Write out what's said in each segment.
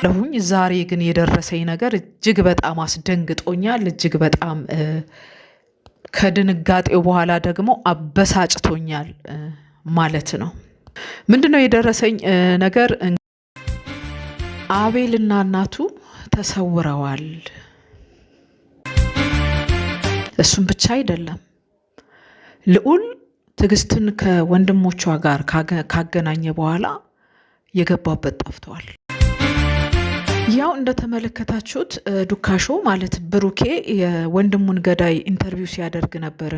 አለሁኝ። ዛሬ ግን የደረሰኝ ነገር እጅግ በጣም አስደንግጦኛል። እጅግ በጣም ከድንጋጤው በኋላ ደግሞ አበሳጭቶኛል ማለት ነው። ምንድነው የደረሰኝ ነገር? አቤልና እናቱ ተሰውረዋል። እሱም ብቻ አይደለም ልዑል ትዕግስትን ከወንድሞቿ ጋር ካገናኘ በኋላ የገባበት ጠፍቷል። ያው እንደተመለከታችሁት ዱካሾ ማለት ብሩኬ የወንድሙን ገዳይ ኢንተርቪው ሲያደርግ ነበር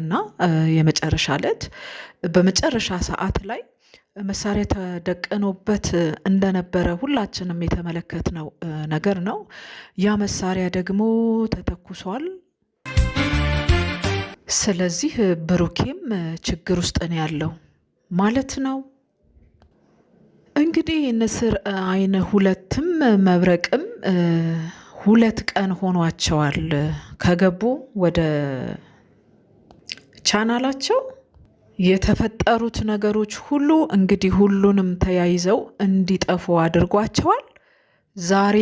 የመጨረሻ ዕለት በመጨረሻ ሰዓት ላይ መሳሪያ ተደቀኖበት እንደነበረ ሁላችንም የተመለከትነው ነገር ነው። ያ መሳሪያ ደግሞ ተተኩሷል። ስለዚህ ብሩኬም ችግር ውስጥ ነው ያለው ማለት ነው። እንግዲህ ንስር አይን ሁለትም መብረቅም ሁለት ቀን ሆኗቸዋል ከገቡ ወደ ቻናላቸው የተፈጠሩት ነገሮች ሁሉ እንግዲህ ሁሉንም ተያይዘው እንዲጠፉ አድርጓቸዋል። ዛሬ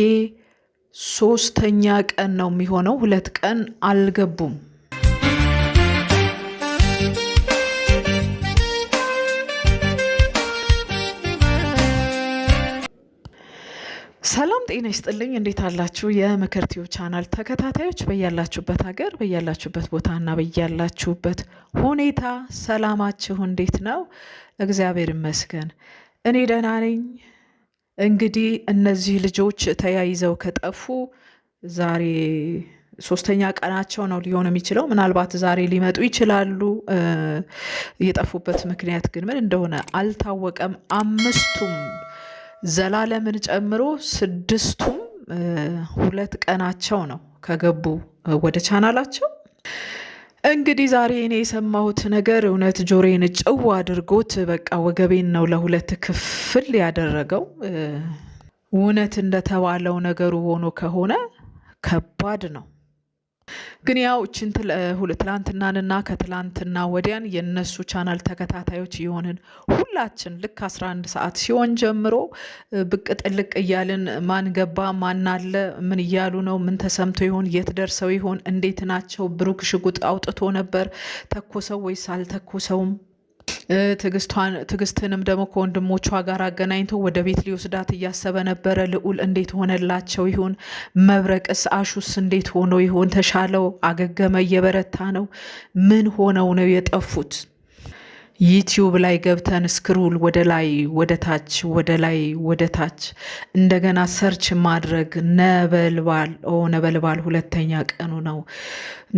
ሶስተኛ ቀን ነው የሚሆነው። ሁለት ቀን አልገቡም። ሰላም ጤና ይስጥልኝ። እንዴት አላችሁ? የምክር ቲዩብ ቻናል ተከታታዮች በያላችሁበት ሀገር በያላችሁበት ቦታና በያላችሁበት ሁኔታ ሰላማችሁ እንዴት ነው? እግዚአብሔር ይመስገን እኔ ደህና ነኝ። እንግዲህ እነዚህ ልጆች ተያይዘው ከጠፉ ዛሬ ሶስተኛ ቀናቸው ነው ሊሆን የሚችለው። ምናልባት ዛሬ ሊመጡ ይችላሉ። የጠፉበት ምክንያት ግን ምን እንደሆነ አልታወቀም። አምስቱም ዘላለምን ጨምሮ ስድስቱም ሁለት ቀናቸው ነው ከገቡ ወደ ቻናላቸው። እንግዲህ ዛሬ እኔ የሰማሁት ነገር እውነት ጆሮዬን ጭው አድርጎት በቃ ወገቤን ነው ለሁለት ክፍል ያደረገው። እውነት እንደተባለው ነገሩ ሆኖ ከሆነ ከባድ ነው። ግን ያው እችን ትላንትናንና ከትላንትና ወዲያን የነሱ ቻናል ተከታታዮች የሆንን ሁላችን ልክ 11 ሰዓት ሲሆን ጀምሮ ብቅ ጥልቅ እያልን ማን ገባ ማን አለ ምን እያሉ ነው ምን ተሰምቶ ይሆን የት ደርሰው ይሆን እንዴት ናቸው ብሩክ ሽጉጥ አውጥቶ ነበር ተኮሰው ወይስ አልተኮሰውም ትዕግስትንም ደግሞ ከወንድሞቿ ጋር አገናኝቶ ወደ ቤት ሊወስዳት እያሰበ ነበረ። ልዑል እንዴት ሆነላቸው ይሆን? መብረቅስ አሹስ እንዴት ሆኖ ይሆን? ተሻለው አገገመ? እየበረታ ነው? ምን ሆነው ነው የጠፉት? ዩቲዩብ ላይ ገብተን ስክሩል ወደ ላይ ወደ ታች ወደ ላይ ወደ ታች እንደገና ሰርች ማድረግ ነበልባል ኦ ነበልባል ሁለተኛ ቀኑ ነው።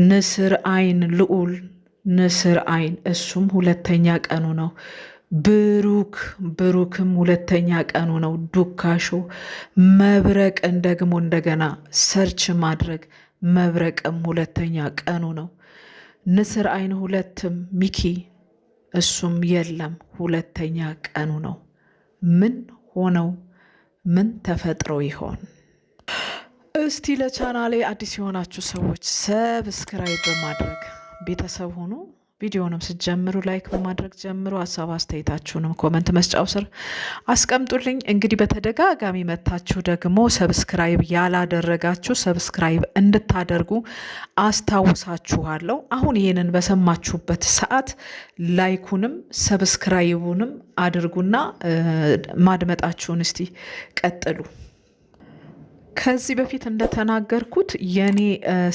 ንስር አይን ልዑል ንስር አይን እሱም ሁለተኛ ቀኑ ነው። ብሩክ ብሩክም ሁለተኛ ቀኑ ነው። ዱካሾ መብረቅን ደግሞ እንደገና ሰርች ማድረግ መብረቅም ሁለተኛ ቀኑ ነው። ንስር አይን ሁለትም ሚኪ እሱም የለም ሁለተኛ ቀኑ ነው። ምን ሆነው ምን ተፈጥሮ ይሆን? እስቲ ለቻናሌ አዲስ የሆናችሁ ሰዎች ሰብስክራይብ በማድረግ ቤተሰብ ሆኑ ቪዲዮንም ስትጀምሩ ላይክ በማድረግ ጀምሩ። ሀሳብ አስተያየታችሁንም ኮመንት መስጫው ስር አስቀምጡልኝ። እንግዲህ በተደጋጋሚ መታችሁ ደግሞ ሰብስክራይብ ያላደረጋችሁ ሰብስክራይብ እንድታደርጉ አስታውሳችኋለሁ። አሁን ይህንን በሰማችሁበት ሰዓት ላይኩንም ሰብስክራይቡንም አድርጉና ማድመጣችሁን እስቲ ቀጥሉ። ከዚህ በፊት እንደተናገርኩት የኔ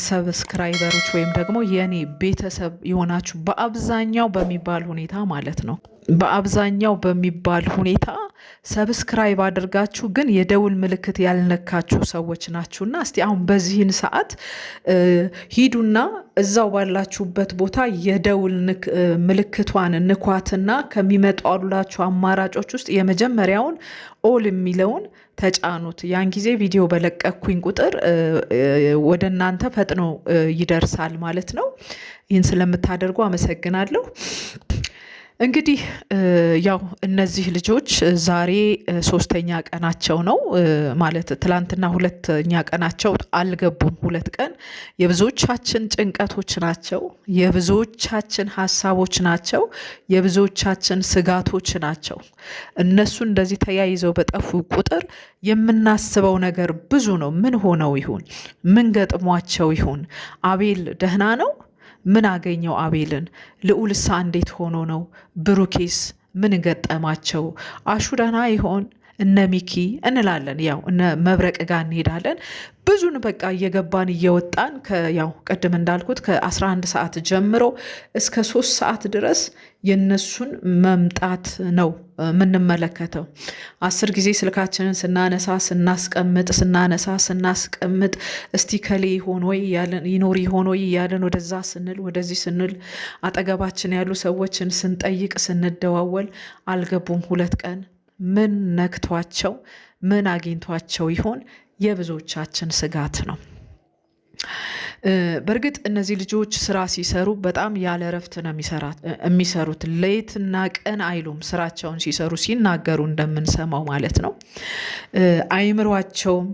ሰብስክራይበሮች ወይም ደግሞ የኔ ቤተሰብ የሆናችሁ በአብዛኛው በሚባል ሁኔታ ማለት ነው በአብዛኛው በሚባል ሁኔታ ሰብስክራይብ አድርጋችሁ ግን የደውል ምልክት ያልነካችሁ ሰዎች ናችሁና እስቲ አሁን በዚህን ሰዓት ሂዱና እዛው ባላችሁበት ቦታ የደውል ምልክቷን ንኳትና ከሚመጣሉላችሁ አማራጮች ውስጥ የመጀመሪያውን ኦል የሚለውን ተጫኑት። ያን ጊዜ ቪዲዮ በለቀኩኝ ቁጥር ወደ እናንተ ፈጥኖ ይደርሳል ማለት ነው። ይህን ስለምታደርጉ አመሰግናለሁ። እንግዲህ ያው እነዚህ ልጆች ዛሬ ሶስተኛ ቀናቸው ነው ማለት ትላንትና ሁለተኛ ቀናቸው አልገቡም። ሁለት ቀን የብዙዎቻችን ጭንቀቶች ናቸው፣ የብዙዎቻችን ሀሳቦች ናቸው፣ የብዙዎቻችን ስጋቶች ናቸው። እነሱ እንደዚህ ተያይዘው በጠፉ ቁጥር የምናስበው ነገር ብዙ ነው። ምን ሆነው ይሁን? ምን ገጥሟቸው ይሁን? አቤል ደህና ነው? ምን አገኘው አቤልን? ልዑልሳ እንዴት ሆኖ ነው? ብሩኬስ ምን ገጠማቸው? አሹዳና ይሆን እነ ሚኪ እንላለን። ያው እነ መብረቅ ጋር እንሄዳለን። ብዙን በቃ እየገባን እየወጣን ያው ቅድም እንዳልኩት ከ11 ሰዓት ጀምሮ እስከ ሶስት ሰዓት ድረስ የነሱን መምጣት ነው የምንመለከተው። አስር ጊዜ ስልካችንን ስናነሳ ስናስቀምጥ ስናነሳ ስናስቀምጥ እስቲ ከሌ ሆኖ ይኖር ሆኖ እያለን ወደዛ ስንል ወደዚህ ስንል አጠገባችን ያሉ ሰዎችን ስንጠይቅ ስንደዋወል አልገቡም ሁለት ቀን ምን ነክቷቸው ምን አግኝቷቸው ይሆን የብዙዎቻችን ስጋት ነው። በእርግጥ እነዚህ ልጆች ስራ ሲሰሩ በጣም ያለ እረፍት ነው የሚሰሩት። ሌትና ቀን አይሉም። ስራቸውን ሲሰሩ ሲናገሩ እንደምንሰማው ማለት ነው። አይምሯቸውም፣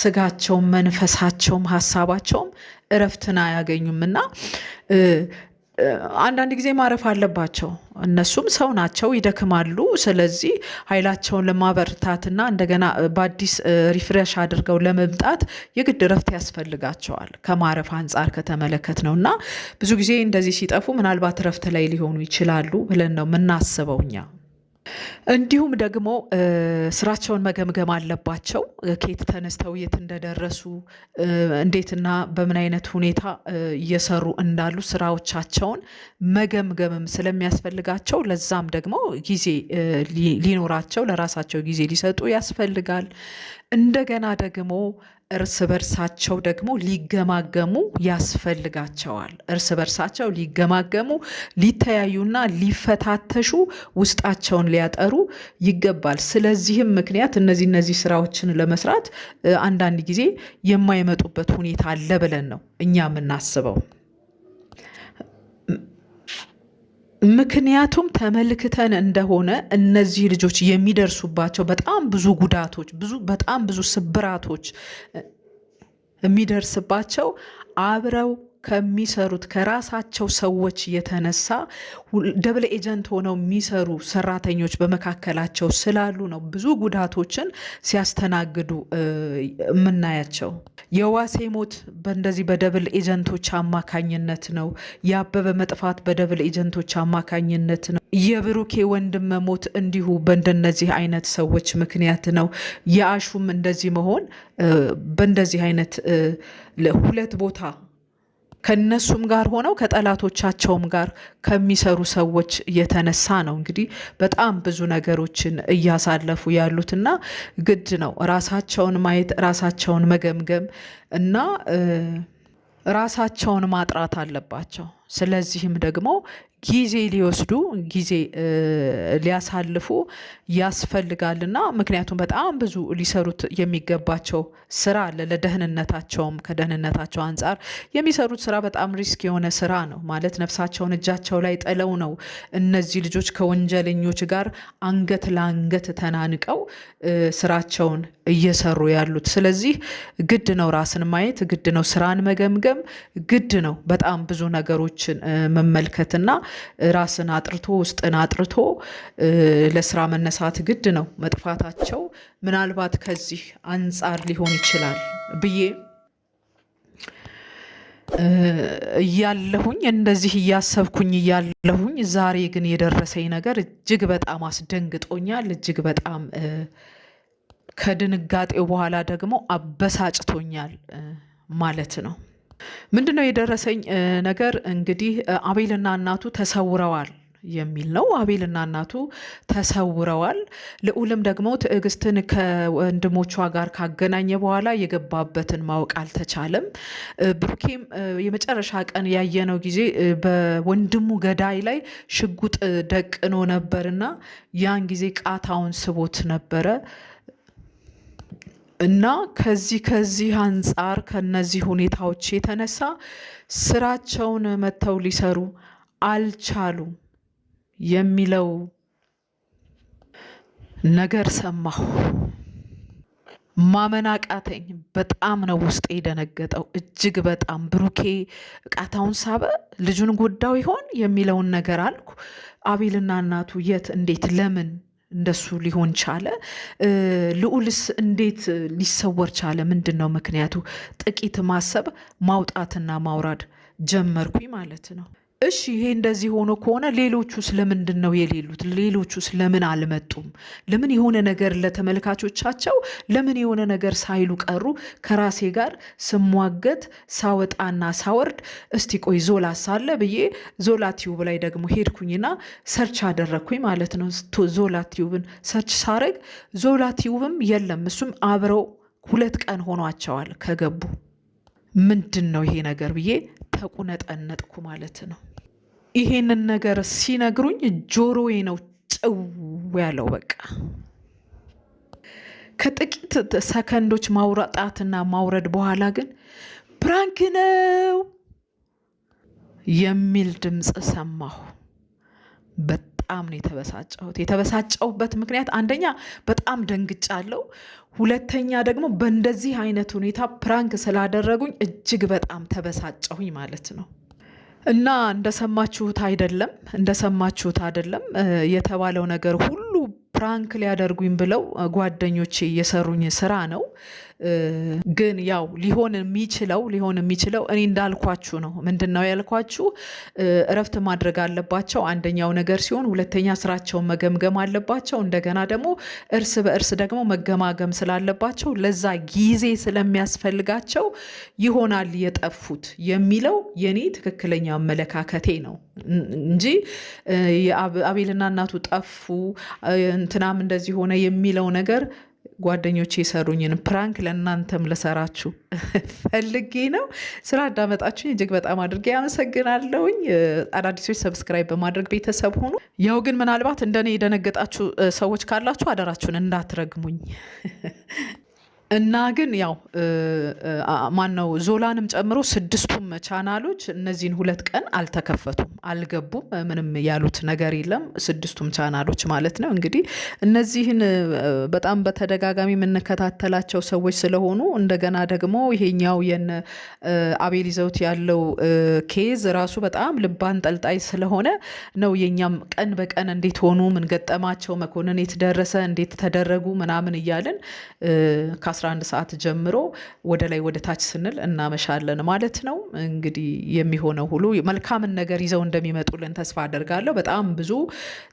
ስጋቸውም፣ መንፈሳቸውም፣ ሀሳባቸውም እረፍትን አያገኙም እና አንዳንድ ጊዜ ማረፍ አለባቸው። እነሱም ሰው ናቸው፣ ይደክማሉ። ስለዚህ ኃይላቸውን ለማበርታትና እንደገና በአዲስ ሪፍሬሽ አድርገው ለመምጣት የግድ እረፍት ያስፈልጋቸዋል። ከማረፍ አንጻር ከተመለከት ነው እና ብዙ ጊዜ እንደዚህ ሲጠፉ ምናልባት እረፍት ላይ ሊሆኑ ይችላሉ ብለን ነው የምናስበው እኛ። እንዲሁም ደግሞ ስራቸውን መገምገም አለባቸው። ከየት ተነስተው የት እንደደረሱ እንዴትና በምን አይነት ሁኔታ እየሰሩ እንዳሉ ስራዎቻቸውን መገምገምም ስለሚያስፈልጋቸው ለዛም ደግሞ ጊዜ ሊኖራቸው ለራሳቸው ጊዜ ሊሰጡ ያስፈልጋል። እንደገና ደግሞ እርስ በርሳቸው ደግሞ ሊገማገሙ ያስፈልጋቸዋል። እርስ በርሳቸው ሊገማገሙ ሊተያዩና ሊፈታተሹ ውስጣቸውን ሊያጠሩ ይገባል። ስለዚህም ምክንያት እነዚህ እነዚህ ስራዎችን ለመስራት አንዳንድ ጊዜ የማይመጡበት ሁኔታ አለ ብለን ነው እኛ የምናስበው። ምክንያቱም ተመልክተን እንደሆነ እነዚህ ልጆች የሚደርሱባቸው በጣም ብዙ ጉዳቶች ብዙ በጣም ብዙ ስብራቶች የሚደርስባቸው አብረው ከሚሰሩት ከራሳቸው ሰዎች የተነሳ ደብል ኤጀንት ሆነው የሚሰሩ ሰራተኞች በመካከላቸው ስላሉ ነው ብዙ ጉዳቶችን ሲያስተናግዱ የምናያቸው። የዋሴ ሞት በእንደዚህ በደብል ኤጀንቶች አማካኝነት ነው። የአበበ መጥፋት በደብል ኤጀንቶች አማካኝነት ነው። የብሩኬ ወንድም ሞት እንዲሁ በእንደነዚህ አይነት ሰዎች ምክንያት ነው። የአሹም እንደዚህ መሆን በእንደዚህ አይነት ሁለት ቦታ ከነሱም ጋር ሆነው ከጠላቶቻቸውም ጋር ከሚሰሩ ሰዎች የተነሳ ነው እንግዲህ በጣም ብዙ ነገሮችን እያሳለፉ ያሉትና ግድ ነው ራሳቸውን ማየት ራሳቸውን መገምገም እና ራሳቸውን ማጥራት አለባቸው። ስለዚህም ደግሞ ጊዜ ሊወስዱ ጊዜ ሊያሳልፉ ያስፈልጋልና ምክንያቱም በጣም ብዙ ሊሰሩት የሚገባቸው ስራ አለ። ለደህንነታቸውም ከደህንነታቸው አንጻር የሚሰሩት ስራ በጣም ሪስክ የሆነ ስራ ነው። ማለት ነፍሳቸውን እጃቸው ላይ ጥለው ነው እነዚህ ልጆች ከወንጀለኞች ጋር አንገት ለአንገት ተናንቀው ስራቸውን እየሰሩ ያሉት። ስለዚህ ግድ ነው ራስን ማየት፣ ግድ ነው ስራን መገምገም፣ ግድ ነው በጣም ብዙ ነገሮች ነገሮችን መመልከትና ራስን አጥርቶ ውስጥን አጥርቶ ለስራ መነሳት ግድ ነው። መጥፋታቸው ምናልባት ከዚህ አንጻር ሊሆን ይችላል ብዬ እያለሁኝ እንደዚህ እያሰብኩኝ እያለሁኝ ዛሬ ግን የደረሰኝ ነገር እጅግ በጣም አስደንግጦኛል። እጅግ በጣም ከድንጋጤው በኋላ ደግሞ አበሳጭቶኛል ማለት ነው። ምንድነው የደረሰኝ ነገር እንግዲህ አቤልና እናቱ ተሰውረዋል የሚል ነው። አቤልና እናቱ ተሰውረዋል። ልዑልም ደግሞ ትዕግስትን ከወንድሞቿ ጋር ካገናኘ በኋላ የገባበትን ማወቅ አልተቻለም። ብሩኬም የመጨረሻ ቀን ያየነው ጊዜ በወንድሙ ገዳይ ላይ ሽጉጥ ደቅኖ ነበርና ያን ጊዜ ቃታውን ስቦት ነበረ። እና ከዚህ ከዚህ አንጻር ከነዚህ ሁኔታዎች የተነሳ ስራቸውን መጥተው ሊሰሩ አልቻሉም የሚለው ነገር ሰማሁ። ማመን አቃተኝ። በጣም ነው ውስጤ የደነገጠው፣ እጅግ በጣም ብሩኬ እቃታውን ሳበ፣ ልጁን ጎዳው ይሆን የሚለውን ነገር አልኩ። አቤልና እናቱ የት፣ እንዴት፣ ለምን እንደሱ ሊሆን ቻለ? ልዑልስ እንዴት ሊሰወር ቻለ? ምንድን ነው ምክንያቱ? ጥቂት ማሰብ ማውጣትና ማውራድ ጀመርኩኝ ማለት ነው። እሺ ይሄ እንደዚህ ሆኖ ከሆነ ሌሎቹስ ለምንድን ነው የሌሉት? ሌሎቹስ ለምን አልመጡም? ለምን የሆነ ነገር ለተመልካቾቻቸው ለምን የሆነ ነገር ሳይሉ ቀሩ? ከራሴ ጋር ስሟገት ሳወጣና ሳወርድ እስቲ ቆይ ዞላ ሳለ ብዬ ዞላ ቲዩብ ላይ ደግሞ ሄድኩኝና ሰርች አደረግኩኝ ማለት ነው። ዞላ ቲዩብን ሰርች ሳረግ ዞላ ቲዩብም የለም። እሱም አብረው ሁለት ቀን ሆኗቸዋል ከገቡ። ምንድን ነው ይሄ ነገር ብዬ ተቁነጠነጥኩ ማለት ነው። ይሄንን ነገር ሲነግሩኝ ጆሮዬ ነው ጭው ያለው። በቃ ከጥቂት ሰከንዶች ማውራጣትና ማውረድ በኋላ ግን ፕራንክ ነው የሚል ድምፅ ሰማሁ። በጣም ነው የተበሳጨሁት። የተበሳጨሁበት ምክንያት አንደኛ በጣም ደንግጫለሁ፣ ሁለተኛ ደግሞ በእንደዚህ አይነት ሁኔታ ፕራንክ ስላደረጉኝ እጅግ በጣም ተበሳጨሁኝ ማለት ነው። እና እንደሰማችሁት አይደለም እንደሰማችሁት አይደለም የተባለው ነገር ሁሉ ፕራንክ ሊያደርጉኝ ብለው ጓደኞቼ እየሰሩኝ ስራ ነው። ግን ያው ሊሆን የሚችለው ሊሆን የሚችለው እኔ እንዳልኳችሁ ነው። ምንድን ነው ያልኳችሁ? እረፍት ማድረግ አለባቸው አንደኛው ነገር ሲሆን፣ ሁለተኛ ስራቸውን መገምገም አለባቸው። እንደገና ደግሞ እርስ በእርስ ደግሞ መገማገም ስላለባቸው ለዛ ጊዜ ስለሚያስፈልጋቸው ይሆናል የጠፉት የሚለው የኔ ትክክለኛ አመለካከቴ ነው እንጂ አቤልና እናቱ ጠፉ እንትናም እንደዚህ ሆነ የሚለው ነገር ጓደኞች የሰሩኝን ፕራንክ ለእናንተም ልሰራችሁ ፈልጌ ነው። ስላዳመጣችሁኝ እጅግ በጣም አድርጌ አመሰግናለሁኝ አዳዲሶች ሰብስክራይብ በማድረግ ቤተሰብ ሁኑ። ያው ግን ምናልባት እንደኔ የደነገጣችሁ ሰዎች ካላችሁ አደራችሁን እንዳትረግሙኝ። እና ግን ያው ማን ነው ዞላንም ጨምሮ ስድስቱም ቻናሎች እነዚህን ሁለት ቀን አልተከፈቱም፣ አልገቡም። ምንም ያሉት ነገር የለም። ስድስቱም ቻናሎች ማለት ነው። እንግዲህ እነዚህን በጣም በተደጋጋሚ የምንከታተላቸው ሰዎች ስለሆኑ እንደገና ደግሞ ይሄኛው የነ አቤል ይዘውት ያለው ኬዝ ራሱ በጣም ልብ አንጠልጣይ ስለሆነ ነው የኛም ቀን በቀን እንዴት ሆኑ፣ ምን ገጠማቸው፣ መኮንን የት ደረሰ፣ እንዴት ተደረጉ ምናምን እያልን 11 ሰዓት ጀምሮ ወደ ላይ ወደ ታች ስንል እናመሻለን ማለት ነው። እንግዲህ የሚሆነው ሁሉ መልካምን ነገር ይዘው እንደሚመጡልን ተስፋ አደርጋለሁ። በጣም ብዙ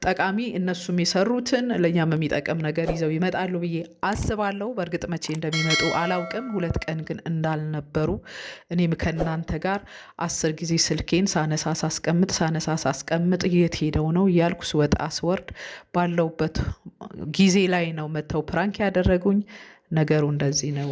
ጠቃሚ እነሱ የሚሰሩትን ለእኛም የሚጠቅም ነገር ይዘው ይመጣሉ ብዬ አስባለሁ። በእርግጥ መቼ እንደሚመጡ አላውቅም። ሁለት ቀን ግን እንዳልነበሩ እኔም ከእናንተ ጋር አስር ጊዜ ስልኬን ሳነሳ ሳስቀምጥ ሳነሳ ሳስቀምጥ የት ሄደው ነው እያልኩ ስወጣ አስወርድ ባለውበት ጊዜ ላይ ነው መጥተው ፕራንክ ያደረጉኝ። ነገሩ እንደዚህ ነው